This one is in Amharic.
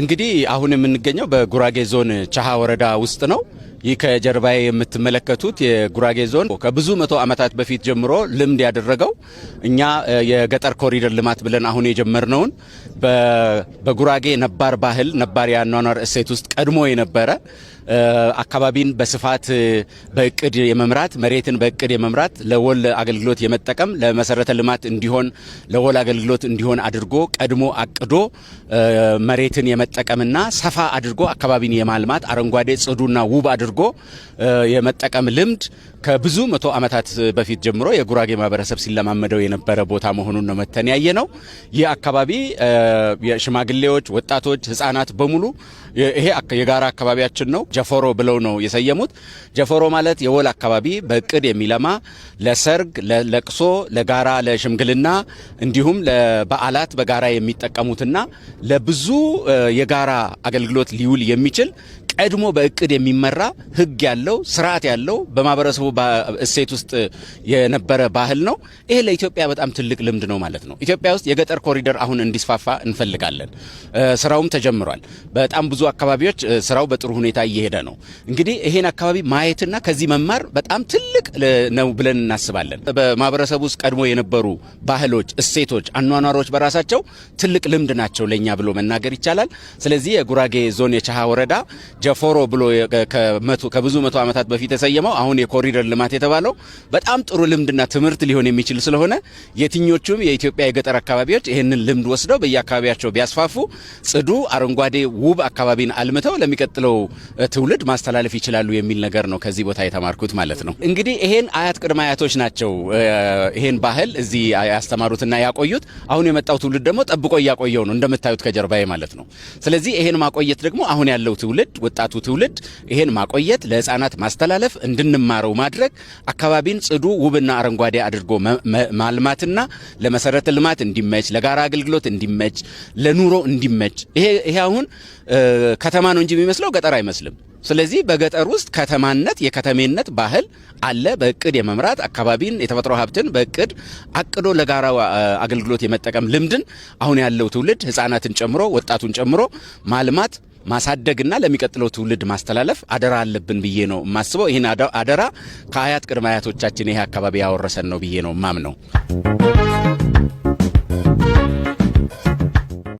እንግዲህ አሁን የምንገኘው በጉራጌ ዞን ቻሃ ወረዳ ውስጥ ነው። ይህ ከጀርባ የምትመለከቱት የጉራጌ ዞን ከብዙ መቶ ዓመታት በፊት ጀምሮ ልምድ ያደረገው እኛ የገጠር ኮሪደር ልማት ብለን አሁን የጀመርነውን በጉራጌ ነባር ባህል ነባር የአኗኗር እሴት ውስጥ ቀድሞ የነበረ አካባቢን በስፋት በእቅድ የመምራት መሬትን በእቅድ የመምራት ለወል አገልግሎት የመጠቀም ለመሰረተ ልማት እንዲሆን ለወል አገልግሎት እንዲሆን አድርጎ ቀድሞ አቅዶ መሬትን የመጠቀምና ሰፋ አድርጎ አካባቢን የማልማት አረንጓዴ ጽዱና ውብ አድርጎ አድርጎ የመጠቀም ልምድ ከብዙ መቶ ዓመታት በፊት ጀምሮ የጉራጌ ማህበረሰብ ሲለማመደው የነበረ ቦታ መሆኑን ነው መተን ያየ ነው። ይህ አካባቢ የሽማግሌዎች፣ ወጣቶች፣ ህጻናት በሙሉ ይሄ የጋራ አካባቢያችን ነው ጀፎሮ ብለው ነው የሰየሙት። ጀፎሮ ማለት የወል አካባቢ በእቅድ የሚለማ ለሰርግ፣ ለለቅሶ፣ ለጋራ ለሽምግልና እንዲሁም ለበዓላት በጋራ የሚጠቀሙትና ለብዙ የጋራ አገልግሎት ሊውል የሚችል ቀድሞ በእቅድ የሚመራ ህግ ያለው ስርዓት ያለው በማህበረሰቡ እሴት ውስጥ የነበረ ባህል ነው። ይሄ ለኢትዮጵያ በጣም ትልቅ ልምድ ነው ማለት ነው። ኢትዮጵያ ውስጥ የገጠር ኮሪደር አሁን እንዲስፋፋ እንፈልጋለን። ስራውም ተጀምሯል። በጣም ብዙ አካባቢዎች ስራው በጥሩ ሁኔታ እየሄደ ነው። እንግዲህ ይሄን አካባቢ ማየትና ከዚህ መማር በጣም ትልቅ ነው ብለን እናስባለን። በማህበረሰብ ውስጥ ቀድሞ የነበሩ ባህሎች፣ እሴቶች፣ አኗኗሮች በራሳቸው ትልቅ ልምድ ናቸው ለእኛ ብሎ መናገር ይቻላል። ስለዚህ የጉራጌ ዞን የቻሃ ወረዳ ጀፎሮ ብሎ ከብዙ መቶ ዓመታት በፊት የሰየመው አሁን የኮሪደር የኮሪደር ልማት የተባለው በጣም ጥሩ ልምድና ትምህርት ሊሆን የሚችል ስለሆነ የትኞቹም የኢትዮጵያ የገጠር አካባቢዎች ይህንን ልምድ ወስደው በየአካባቢያቸው ቢያስፋፉ ጽዱ፣ አረንጓዴ፣ ውብ አካባቢን አልምተው ለሚቀጥለው ትውልድ ማስተላለፍ ይችላሉ የሚል ነገር ነው ከዚህ ቦታ የተማርኩት ማለት ነው። እንግዲህ ይሄን አያት ቅድመ አያቶች ናቸው ይሄን ባህል እዚህ ያስተማሩትና ያቆዩት። አሁን የመጣው ትውልድ ደግሞ ጠብቆ እያቆየው ነው እንደምታዩት ከጀርባዬ ማለት ነው። ስለዚህ ይሄን ማቆየት ደግሞ አሁን ያለው ትውልድ ወጣቱ ትውልድ ይሄን ማቆየት ለህፃናት ማስተላለፍ እንድንማረው ማድረግ አካባቢን ጽዱ፣ ውብና አረንጓዴ አድርጎ ማልማትና ለመሰረተ ልማት እንዲመች፣ ለጋራ አገልግሎት እንዲመች፣ ለኑሮ እንዲመች ይሄ አሁን ከተማ ነው እንጂ የሚመስለው ገጠር አይመስልም። ስለዚህ በገጠር ውስጥ ከተማነት የከተሜነት ባህል አለ። በእቅድ የመምራት አካባቢን የተፈጥሮ ሀብትን በእቅድ አቅዶ ለጋራ አገልግሎት የመጠቀም ልምድን አሁን ያለው ትውልድ ህጻናትን ጨምሮ ወጣቱን ጨምሮ ማልማት ማሳደግና ለሚቀጥለው ትውልድ ማስተላለፍ አደራ አለብን ብዬ ነው የማስበው። ይህን አደራ ከአያት ቅድመ አያቶቻችን ይሄ አካባቢ ያወረሰን ነው ብዬ ነው ማምነው።